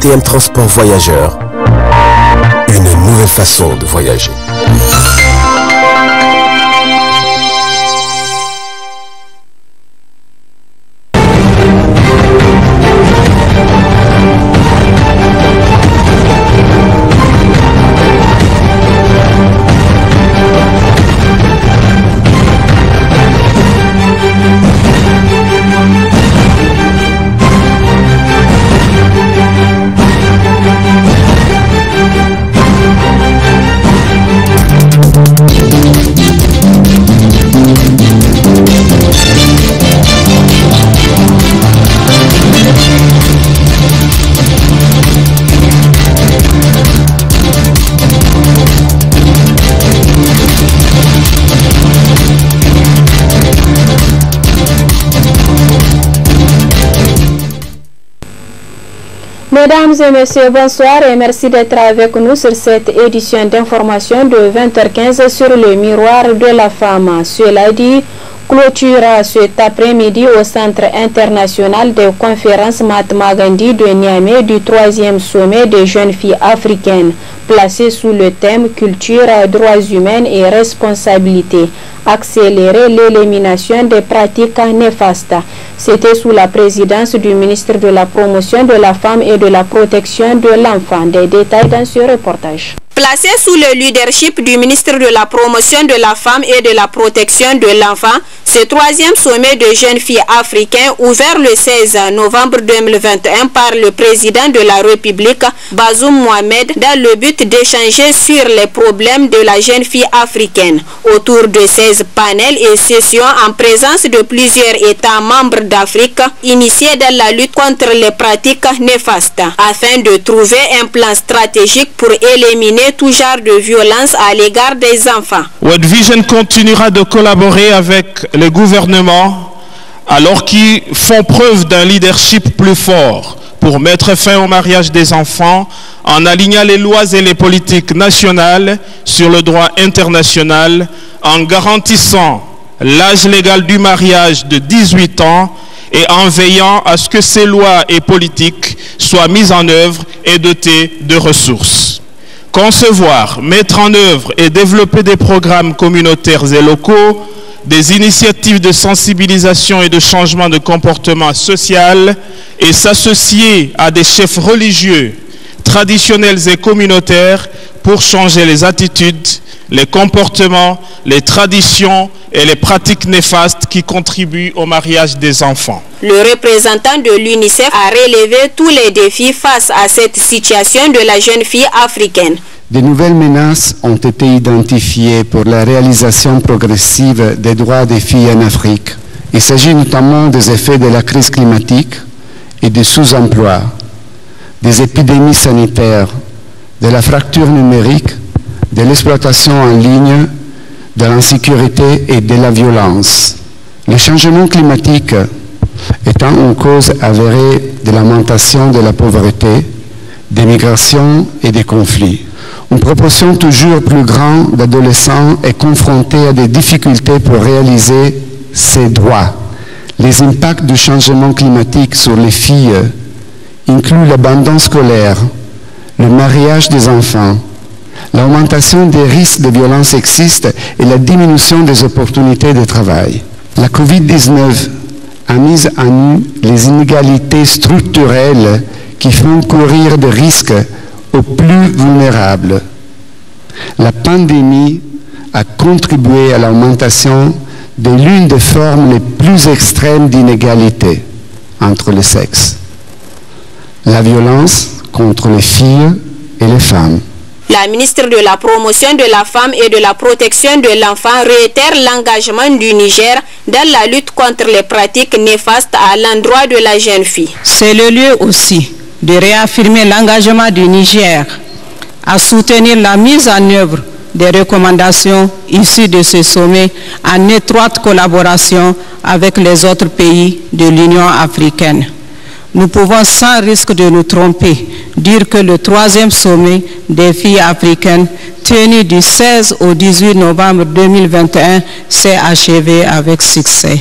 TM Transport Voyageur, Une nouvelle façon de voyager. Mesdames et messieurs, bonsoir et merci d'être avec nous sur cette édition d'information de 20h15 sur le miroir de la femme. Cela dit, clôture cet après-midi au Centre international de conférences Mahatma Gandhi de Niamey du troisième sommet des jeunes filles africaines, placé sous le thème Culture, droits humains et responsabilité. Accélérer l'élimination des pratiques néfastes. C'était sous la présidence du ministre de la Promotion de la Femme et de la Protection de l'Enfant. Des détails dans ce reportage. Placé sous le leadership du ministre de la Promotion de la Femme et de la Protection de l'Enfant, ce troisième sommet de jeunes filles africaines ouvert le 16 novembre 2021 par le président de la République, Bazoum Mohamed, dans le but d'échanger sur les problèmes de la jeune fille africaine. Autour de 16 panels et sessions en présence de plusieurs États membres d'Afrique, initiés dans la lutte contre les pratiques néfastes, afin de trouver un plan stratégique pour éliminer tout genre de violence à l'égard des enfants. What Vision continuera de collaborer avec le gouvernement alors qu'ils font preuve d'un leadership plus fort pour mettre fin au mariage des enfants en alignant les lois et les politiques nationales sur le droit international, en garantissant l'âge légal du mariage de 18 ans et en veillant à ce que ces lois et politiques soient mises en œuvre et dotées de ressources concevoir, mettre en œuvre et développer des programmes communautaires et locaux, des initiatives de sensibilisation et de changement de comportement social et s'associer à des chefs religieux traditionnelles et communautaires pour changer les attitudes, les comportements, les traditions et les pratiques néfastes qui contribuent au mariage des enfants. Le représentant de l'UNICEF a relevé tous les défis face à cette situation de la jeune fille africaine. De nouvelles menaces ont été identifiées pour la réalisation progressive des droits des filles en Afrique. Il s'agit notamment des effets de la crise climatique et du sous-emploi, des épidémies sanitaires, de la fracture numérique, de l'exploitation en ligne, de l'insécurité et de la violence. Le changement climatique étant une cause avérée de l'augmentation de la pauvreté, des migrations et des conflits. Une proportion toujours plus grande d'adolescents est confrontée à des difficultés pour réaliser ses droits. Les impacts du changement climatique sur les filles inclut l'abandon scolaire, le mariage des enfants, l'augmentation des risques de violences sexistes et la diminution des opportunités de travail. La COVID-19 a mis à nu les inégalités structurelles qui font courir des risques aux plus vulnérables. La pandémie a contribué à l'augmentation de l'une des formes les plus extrêmes d'inégalité entre les sexes la violence contre les filles et les femmes. La ministre de la Promotion de la Femme et de la Protection de l'Enfant réitère l'engagement du Niger dans la lutte contre les pratiques néfastes à l'endroit de la jeune fille. C'est le lieu aussi de réaffirmer l'engagement du Niger à soutenir la mise en œuvre des recommandations issues de ce sommet en étroite collaboration avec les autres pays de l'Union africaine. Nous pouvons sans risque de nous tromper dire que le troisième sommet des filles africaines tenu du 16 au 18 novembre 2021 s'est achevé avec succès.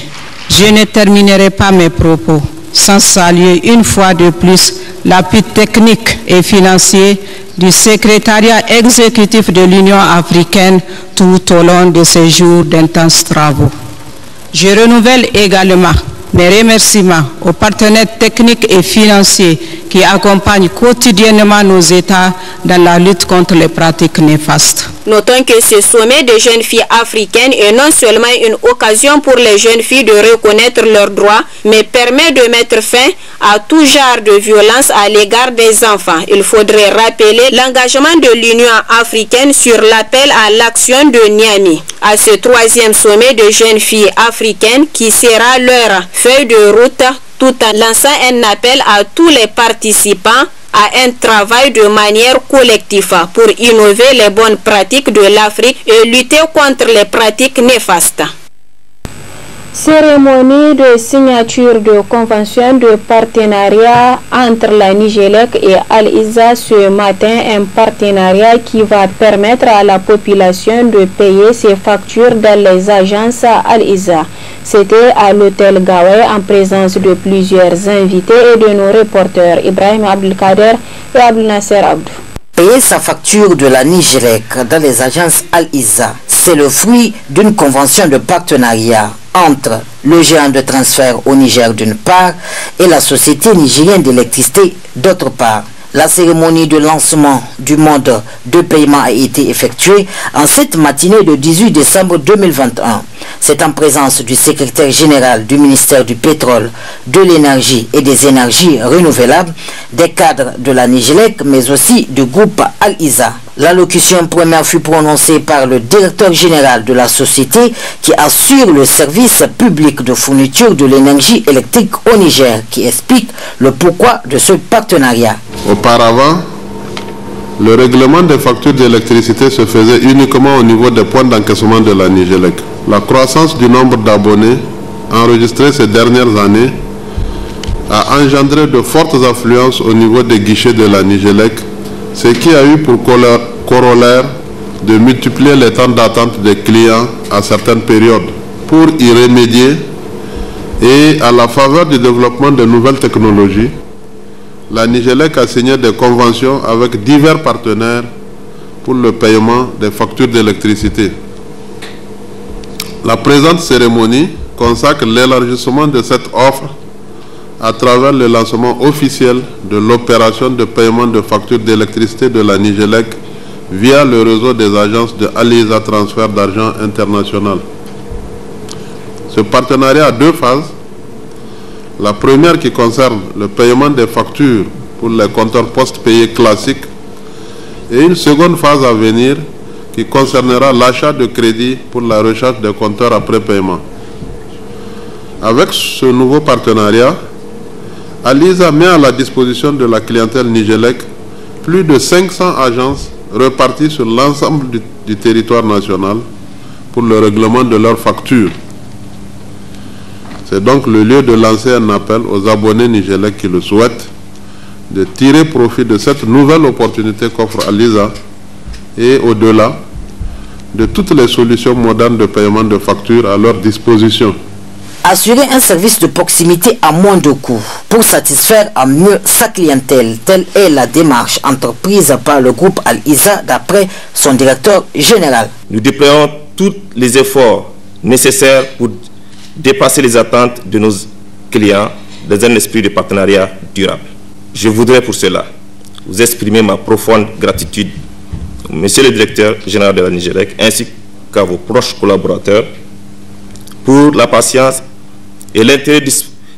Je ne terminerai pas mes propos sans saluer une fois de plus l'appui technique et financier du secrétariat exécutif de l'Union africaine tout au long de ces jours d'intenses travaux. Je renouvelle également mes remerciements aux partenaires techniques et financiers qui accompagnent quotidiennement nos États dans la lutte contre les pratiques néfastes. Notons que ce sommet de jeunes filles africaines est non seulement une occasion pour les jeunes filles de reconnaître leurs droits, mais permet de mettre fin à tout genre de violence à l'égard des enfants. Il faudrait rappeler l'engagement de l'Union africaine sur l'appel à l'action de Niami. À ce troisième sommet de jeunes filles africaines qui sera leur feuille de route tout en lançant un appel à tous les participants à un travail de manière collective pour innover les bonnes pratiques de l'Afrique et lutter contre les pratiques néfastes. Cérémonie de signature de convention de partenariat entre la Nigélec et Al-Isa ce matin, un partenariat qui va permettre à la population de payer ses factures dans les agences Al-Isa. C'était à l'hôtel Gawai en présence de plusieurs invités et de nos reporters Ibrahim Abdelkader et Abdel Nasser Abdou. Payer sa facture de la Nigélec dans les agences al c'est le fruit d'une convention de partenariat entre le géant de transfert au Niger d'une part et la Société nigérienne d'électricité d'autre part. La cérémonie de lancement du mode de paiement a été effectuée en cette matinée de 18 décembre 2021. C'est en présence du secrétaire général du ministère du pétrole, de l'énergie et des énergies renouvelables, des cadres de la Nigelec, mais aussi du groupe Al-Isa. L'allocution première fut prononcée par le directeur général de la société qui assure le service public de fourniture de l'énergie électrique au Niger, qui explique le pourquoi de ce partenariat. Auparavant, le règlement des factures d'électricité se faisait uniquement au niveau des points d'encaissement de la Nigélec. La croissance du nombre d'abonnés enregistrés ces dernières années a engendré de fortes affluences au niveau des guichets de la Nigélec ce qui a eu pour corollaire de multiplier les temps d'attente des clients à certaines périodes. Pour y remédier et à la faveur du développement de nouvelles technologies, la Nigélec a signé des conventions avec divers partenaires pour le paiement des factures d'électricité. La présente cérémonie consacre l'élargissement de cette offre à travers le lancement officiel de l'opération de paiement de factures d'électricité de la Nigelec via le réseau des agences de Alisa Transfert d'argent international. Ce partenariat a deux phases. La première qui concerne le paiement des factures pour les compteurs post payés classiques et une seconde phase à venir qui concernera l'achat de crédits pour la recherche des compteurs après paiement. Avec ce nouveau partenariat, Alisa met à la disposition de la clientèle Nigélec plus de 500 agences reparties sur l'ensemble du, territoire national pour le règlement de leurs factures. C'est donc le lieu de lancer un appel aux abonnés nigélec qui le souhaitent de tirer profit de cette nouvelle opportunité qu'offre Alisa et au-delà de toutes les solutions modernes de paiement de factures à leur disposition assurer un service de proximité à moins de coûts pour satisfaire à mieux sa clientèle. Telle est la démarche entreprise par le groupe Al-Isa d'après son directeur général. Nous déployons tous les efforts nécessaires pour dépasser les attentes de nos clients dans un esprit de partenariat durable. Je voudrais pour cela vous exprimer ma profonde gratitude, Monsieur le Directeur Général de la Nigerec, ainsi qu'à vos proches collaborateurs, pour la patience et l'intérêt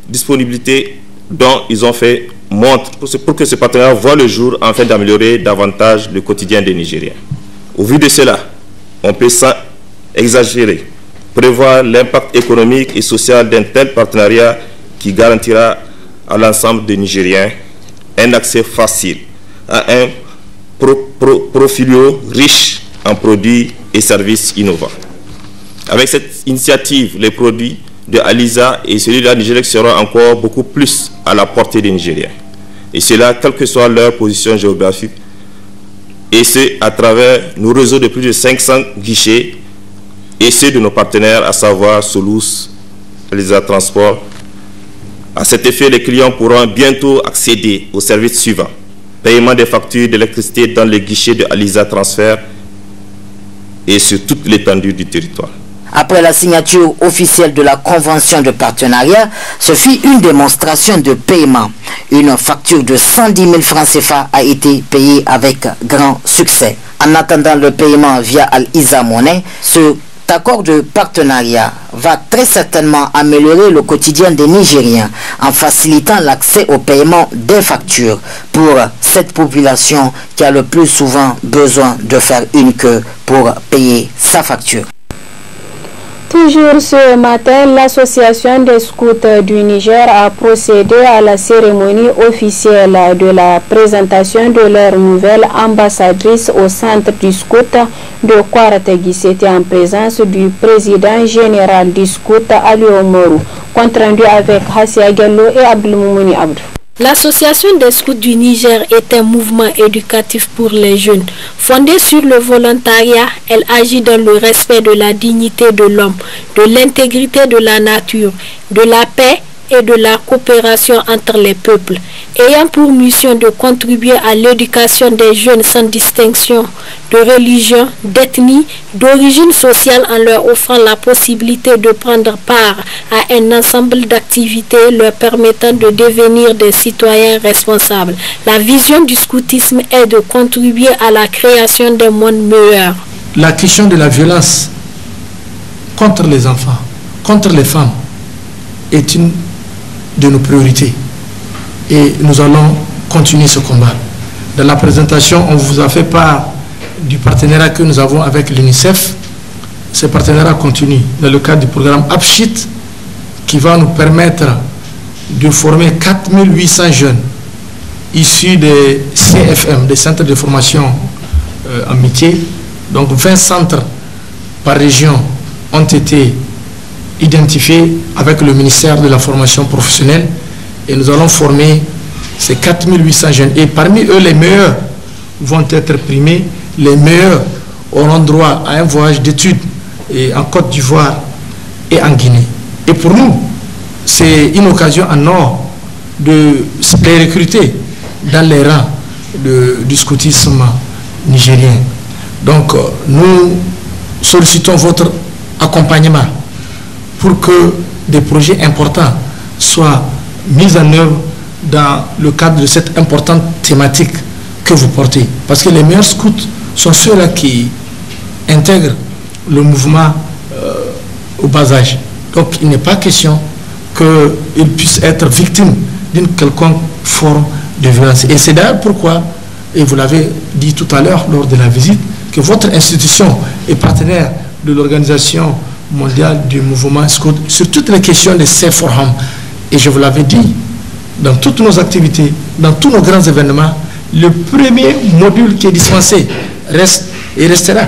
disponibilité dont ils ont fait montre pour que ce partenariat voit le jour afin d'améliorer davantage le quotidien des Nigériens. Au vu de cela, on peut sans exagérer prévoir l'impact économique et social d'un tel partenariat qui garantira à l'ensemble des Nigériens un accès facile à un profilio riche en produits et services innovants. Avec cette initiative, les produits de Aliza et celui de la Nigeria sera encore beaucoup plus à la portée des Nigériens. Et cela, quelle que soit leur position géographique, et ce, à travers nos réseaux de plus de 500 guichets et ceux de nos partenaires, à savoir Solus, Aliza Transport. À cet effet, les clients pourront bientôt accéder au service suivant, Paiement des factures d'électricité dans les guichets de Aliza Transfer et sur toute l'étendue du territoire après la signature officielle de la convention de partenariat, ce fut une démonstration de paiement. Une facture de 110 000 francs CFA a été payée avec grand succès. En attendant le paiement via Al-Isa Monnaie, ce accord de partenariat va très certainement améliorer le quotidien des Nigériens en facilitant l'accès au paiement des factures pour cette population qui a le plus souvent besoin de faire une queue pour payer sa facture. Toujours ce matin, l'Association des scouts du Niger a procédé à la cérémonie officielle de la présentation de leur nouvelle ambassadrice au centre du scout de Kouarategui. C'était en présence du président général du scout, Ali Omoru, compte rendu avec Hassi Gallo et Abdelmoumouni Abdou. L'Association des scouts du Niger est un mouvement éducatif pour les jeunes. Fondée sur le volontariat, elle agit dans le respect de la dignité de l'homme, de l'intégrité de la nature, de la paix et de la coopération entre les peuples, ayant pour mission de contribuer à l'éducation des jeunes sans distinction de religion, d'ethnie, d'origine sociale en leur offrant la possibilité de prendre part à un ensemble d'activités leur permettant de devenir des citoyens responsables. La vision du scoutisme est de contribuer à la création d'un monde meilleur. La question de la violence contre les enfants, contre les femmes, est une de nos priorités. Et nous allons continuer ce combat. Dans la présentation, on vous a fait part du partenariat que nous avons avec l'UNICEF. Ce partenariat continue dans le cadre du programme APSHIT qui va nous permettre de former 4800 jeunes issus des CFM, des centres de formation euh, en métier. Donc 20 centres par région ont été identifié avec le ministère de la formation professionnelle et nous allons former ces 4800 jeunes. Et parmi eux, les meilleurs vont être primés. Les meilleurs auront droit à un voyage d'études en Côte d'Ivoire et en Guinée. Et pour nous, c'est une occasion en or de les recruter dans les rangs du scoutisme nigérien. Donc, euh, nous sollicitons votre accompagnement pour que des projets importants soient mis en œuvre dans le cadre de cette importante thématique que vous portez. Parce que les meilleurs scouts sont ceux-là qui intègrent le mouvement euh, au bas âge. Donc il n'est pas question qu'ils puissent être victimes d'une quelconque forme de violence. Et c'est d'ailleurs pourquoi, et vous l'avez dit tout à l'heure lors de la visite, que votre institution est partenaire de l'organisation mondial du mouvement scout sur toutes les questions de for forums. Et je vous l'avais dit, dans toutes nos activités, dans tous nos grands événements, le premier module qui est dispensé reste et restera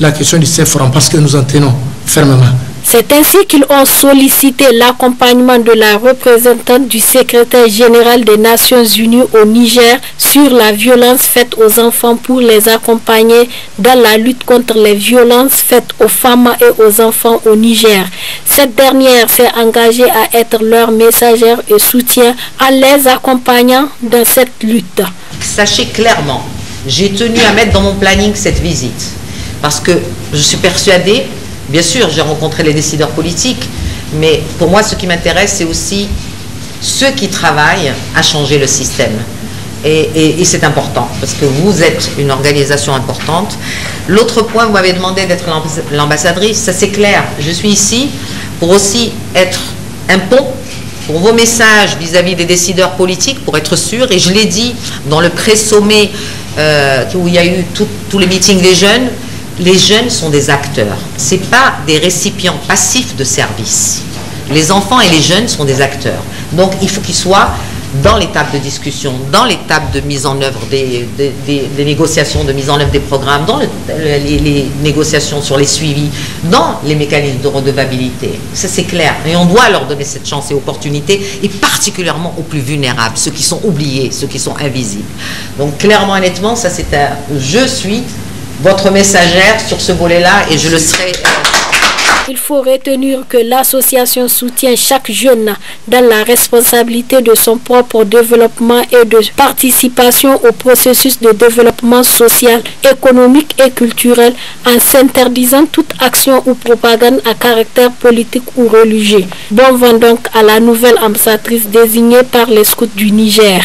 la question du for home, parce que nous en tenons fermement. C'est ainsi qu'ils ont sollicité l'accompagnement de la représentante du secrétaire général des Nations Unies au Niger sur la violence faite aux enfants pour les accompagner dans la lutte contre les violences faites aux femmes et aux enfants au Niger. Cette dernière s'est engagée à être leur messagère et soutien à les accompagnant dans cette lutte. Sachez clairement, j'ai tenu à mettre dans mon planning cette visite parce que je suis persuadée Bien sûr, j'ai rencontré les décideurs politiques, mais pour moi, ce qui m'intéresse, c'est aussi ceux qui travaillent à changer le système. Et, c'est important, parce que vous êtes une organisation importante. L'autre point, vous m'avez demandé d'être l'ambassadrice, ça c'est clair. Je suis ici pour aussi être un pont pour vos messages vis-à-vis des décideurs politiques, pour être sûr, et je l'ai dit dans le pré-sommet euh, où il y a eu tous les meetings des jeunes, les jeunes sont des acteurs, ce n'est pas des récipients passifs de services. Les enfants et les jeunes sont des acteurs. Donc il faut qu'ils soient dans l'étape de discussion, dans l'étape de mise en œuvre des, négociations de mise en œuvre des programmes, dans euh, les, les, négociations sur les suivis, dans les mécanismes de redevabilité. Ça, c'est clair. Et on doit leur donner cette chance et opportunité, et particulièrement aux plus vulnérables, ceux qui sont oubliés, ceux qui sont invisibles. Donc, clairement, honnêtement, ça, c'est un je suis votre messagère sur ce volet-là et je le serai. Euh, Il faut retenir que l'association soutient chaque jeune dans la responsabilité de son propre développement et de participation au processus de développement social, économique et culturel en s'interdisant toute action ou propagande à caractère politique ou religieux. Bon vent donc à la nouvelle ambassadrice désignée par les scouts du Niger.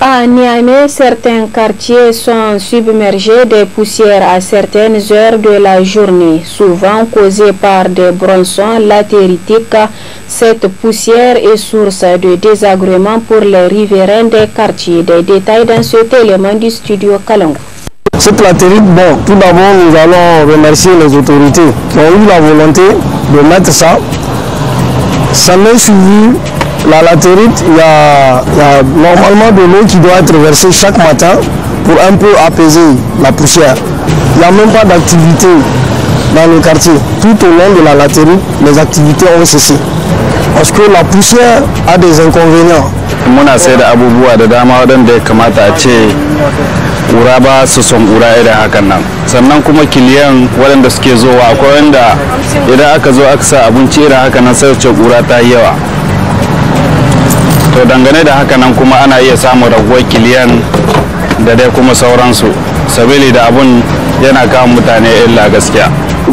À Niamey, certains quartiers sont submergés des poussières à certaines heures de la journée, souvent causées par des bronsons latéritiques. Cette poussière est source de désagréments pour les riverains des quartiers. Des détails dans cet élément du studio Kalongo. Cette latérite, bon, tout d'abord, nous allons remercier les autorités qui ont eu la volonté de mettre ça. Ça m'a suivi la latérite, il y, a, normalement de l'eau qui doit être versée chaque matin pour un peu apaiser la poussière. Il n'y a même pas d'activité dans le quartier. Tout au long de la latérite, les activités ont cessé. Parce que la poussière a des inconvénients. muna sai da abubuwa da dama waɗanda ya kamata a ba su son ƙura irin hakan nan sannan kuma kiliyan waɗanda suke zowa akwai wanda idan aka zo aka sa abinci irin hakan nan sai ce ƙura ta yi yawa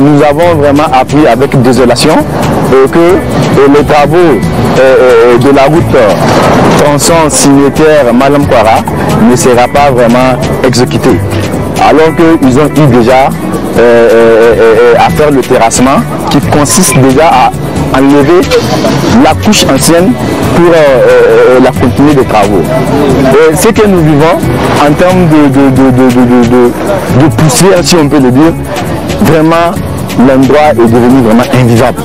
nous avons vraiment appris avec désolation que le les travaux euh, euh, de la route tronçon euh, signataire Malam Kwara ne sera pas vraiment exécuté. Alors qu'ils ont eu déjà à faire le terrassement qui consiste déjà à enlever la couche ancienne pour euh, euh, la continuer des travaux. Et ce que nous vivons en termes de, de, poussière, si on peut le dire, vraiment l'endroit est devenu vraiment invivable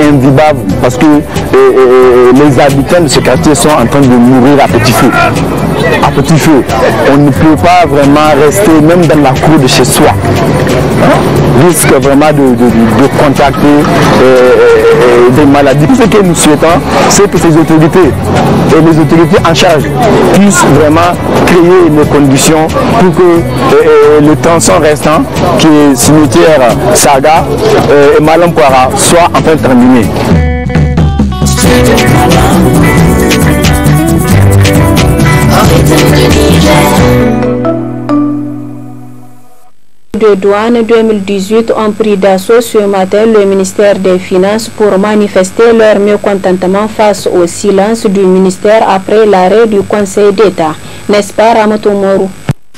invivable parce que euh, les habitants de ce quartier sont en train de mourir à petit feu à petit feu. On ne peut pas vraiment rester même dans la cour de chez soi. Risque vraiment de, de, euh, euh, des maladies. Ce que nous souhaitons, c'est que ces autorités et les autorités en charge puissent vraiment créer les conditions pour que euh, le le sans restant, qui est cimetière Saga et Malampoara, soit enfin terminé. de douane 2018 ont pris d'assaut ce matin le ministère des Finances pour manifester leur mécontentement face au silence du ministère après l'arrêt du Conseil d'État. N'est-ce pas,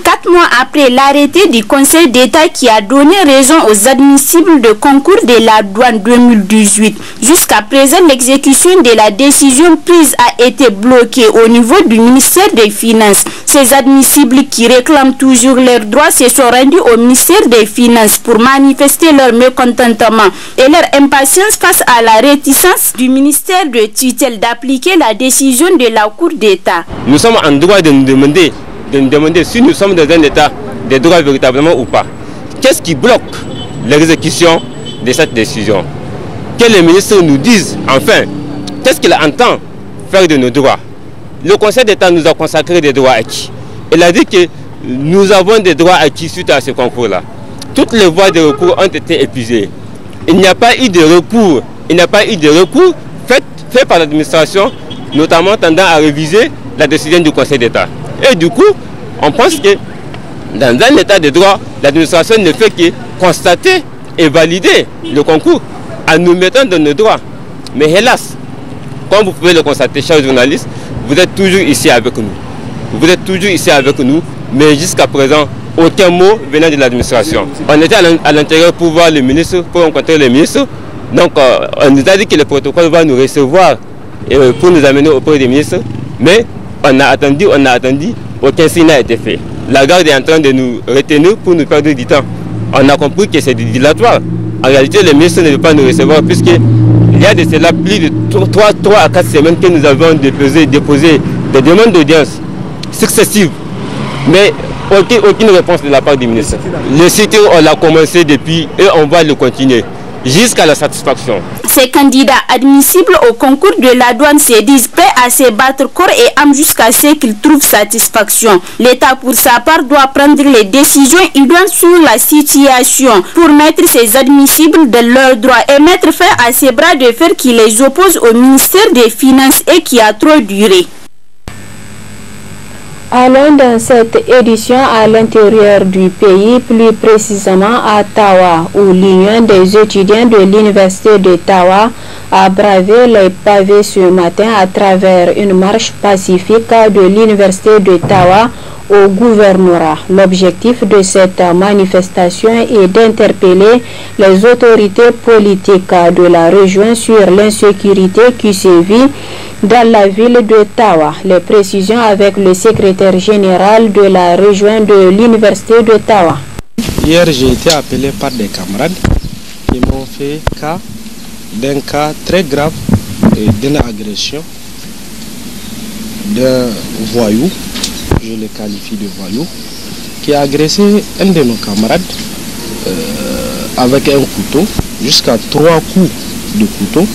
Quatre mois après l'arrêté du Conseil d'État qui a donné raison aux admissibles de concours de la douane 2018, jusqu'à présent l'exécution de la décision prise a été bloquée au niveau du ministère des Finances. Ces admissibles qui réclament toujours leurs droits se sont rendus au ministère des Finances pour manifester leur mécontentement et leur impatience face à la réticence du ministère de tutelle d'appliquer la décision de la Cour d'État. Nous sommes en droit de nous demander de nous demander si nous sommes dans un État des droits véritablement ou pas. Qu'est-ce qui bloque l'exécution de cette décision Que les ministres nous disent enfin qu'est-ce qu'il entend faire de nos droits. Le Conseil d'État nous a consacré des droits acquis. Il a dit que nous avons des droits acquis suite à ce concours-là. Toutes les voies de recours ont été épuisées. Il n'y a pas eu de recours. Il n'y a pas eu de recours fait, fait par l'administration, notamment tendant à réviser la décision du Conseil d'État. Et du coup, on pense que dans un état de droit, l'administration ne fait que constater et valider le concours en nous mettant dans nos droits. Mais hélas, comme vous pouvez le constater, chers journalistes, vous êtes toujours ici avec nous. Vous êtes toujours ici avec nous, mais jusqu'à présent, aucun mot venant de l'administration. On était à l'intérieur pour voir le ministre, pour rencontrer le ministre. Donc, euh, on nous a dit que le protocole va nous recevoir euh, pour nous amener auprès des ministre. Mais on a attendu, on a attendu, aucun signe n'a été fait. La garde est en train de nous retenir pour nous perdre du temps. On a compris que c'est dilatoire. En réalité, le ministre ne veut pas nous recevoir puisque il y a de cela plus de 3, à 4 semaines que nous avons déposé, des demandes d'audience successives. Mais aucune, réponse de la part du ministre. Le CTO, on l'a commencé depuis et on va le continuer jusqu'à la satisfaction ces candidats admissibles au concours de la douane se disent prêts à se battre corps et âme jusqu'à ce qu'ils trouvent satisfaction. L'État, pour sa part, doit prendre les décisions doit sur la situation pour mettre ces admissibles de leurs droits et mettre fin à ces bras de fer qui les opposent au ministère des Finances et qui a trop duré. Allons dans cette édition à l'intérieur du pays, plus précisément à Tawa, où l'Union des étudiants de l'Université de Tawa a bravé les pavés ce matin à travers une marche pacifique de l'Université de Tawa au gouvernorat. L'objectif de cette manifestation est d'interpeller les autorités politiques de la région sur l'insécurité qui sévit dans la ville de Les précisions avec le secrétaire général de la région de l'université d'Ottawa. Hier, j'ai été appelé par des camarades qui m'ont fait cas d'un cas très grave d'une agression d'un voyou, je le qualifie de voyou, qui a agressé un de nos camarades euh, avec un couteau, jusqu'à trois coups de couteau.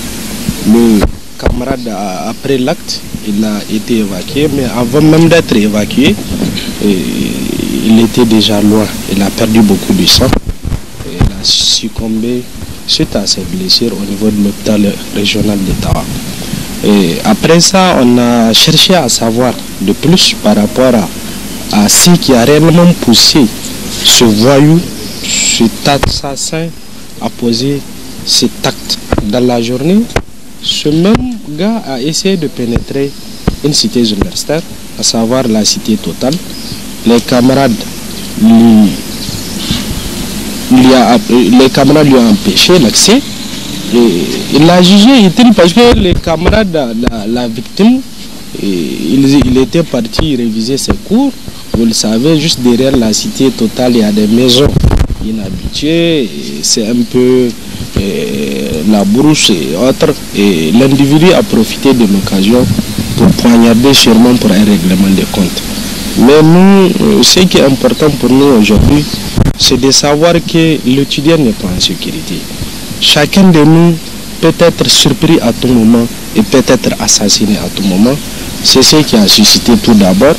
Le camarade, après l'acte, il a été évacué, mais avant même d'être évacué, il était déjà loin. Il a perdu beaucoup de sang. il a succombé suite à ses blessures au niveau de l'hôpital régional d'État. Et après ça, on a cherché à savoir de plus par rapport à, à ce qui a réellement poussé ce voyou, cet assassin à poser cet acte. Dans la journée, ce même gars a essayé de pénétrer une cité universitaire, à savoir la cité totale. Les camarades lui, les camarades lui ont empêché l'accès. Il l'a jugé utile parce que les camarades, la, la victime, il, il était parti réviser ses cours. Vous le savez, juste derrière la cité totale, il y a des maisons inhabituées. C'est un peu la brousse et autres. Et l'individu a profité de l'occasion pour poignarder sûrement pour un règlement de comptes. Mais nous, euh, ce qui est important pour nous aujourd'hui, c'est de savoir que l'étudiant n'est pas en sécurité. Chacun de nous peut être surpris à tout moment et peut être assassiné à tout moment. C'est ce qui a suscité tout d'abord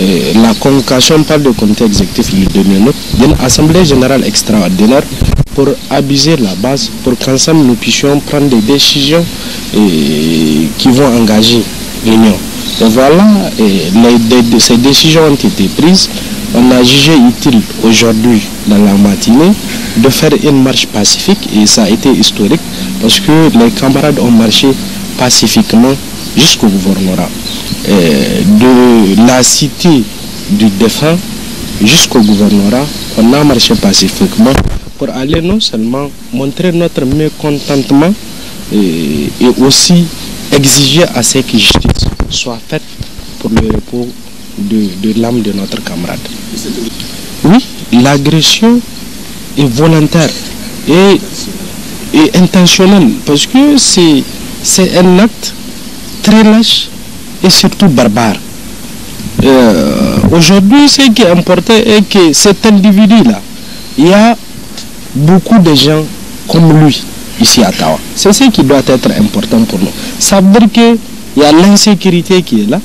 euh, la convocation par le comité exécutif du d'une assemblée générale extraordinaire pour abuser la base, pour qu'ensemble nous puissions prendre des décisions et qui vont engager l'Union. voilà, et de, ces décisions ont été prises. On a jugé utile aujourd'hui, dans la matinée, de faire une marche pacifique et ça a été historique parce que les camarades ont marché pacifiquement jusqu'au gouvernorat. de la cité du défunt jusqu'au gouvernorat, on a marché pacifiquement pour aller non seulement montrer notre mécontentement et, aussi exiger à ce que justice soit faite pour le repos de, l'âme de notre camarade. Oui, l'agression est volontaire et, et intentionnelle parce que c'est un acte très lâche et surtout barbare. Euh, aujourd'hui, ce qui est important est que cet individu-là, il y a beaucoup de gens comme lui ici à Tawa. C'est ce qui doit être important pour nous. Ça veut dire qu'il y a l'insécurité qui est là,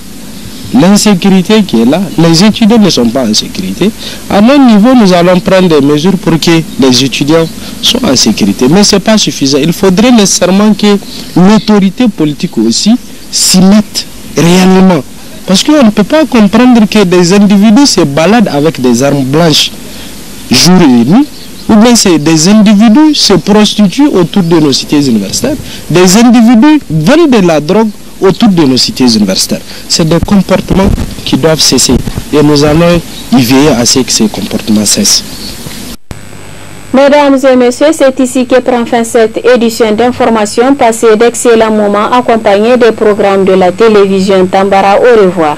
l'insécurité qui est là, les étudiants ne sont pas en sécurité. À mon niveau, nous allons prendre des mesures pour que les étudiants soient en sécurité. Mais ce n'est pas suffisant. Il faudrait nécessairement que l'autorité politique aussi s'y mette réellement. Parce qu'on ne peut pas comprendre que des individus se baladent avec des armes blanches jour et nuit ou bien c'est des individus se prostituent autour de nos cités universitaires, des individus vendent de la drogue autour de nos cités universitaires. C'est des comportements qui doivent cesser et nous allons y veiller à ce que ces comportements cessent. Mesdames et messieurs, c'est ici que prend fin cette édition d'information. passée d'excellents moments accompagnés des programmes de la télévision Tambara. Au revoir.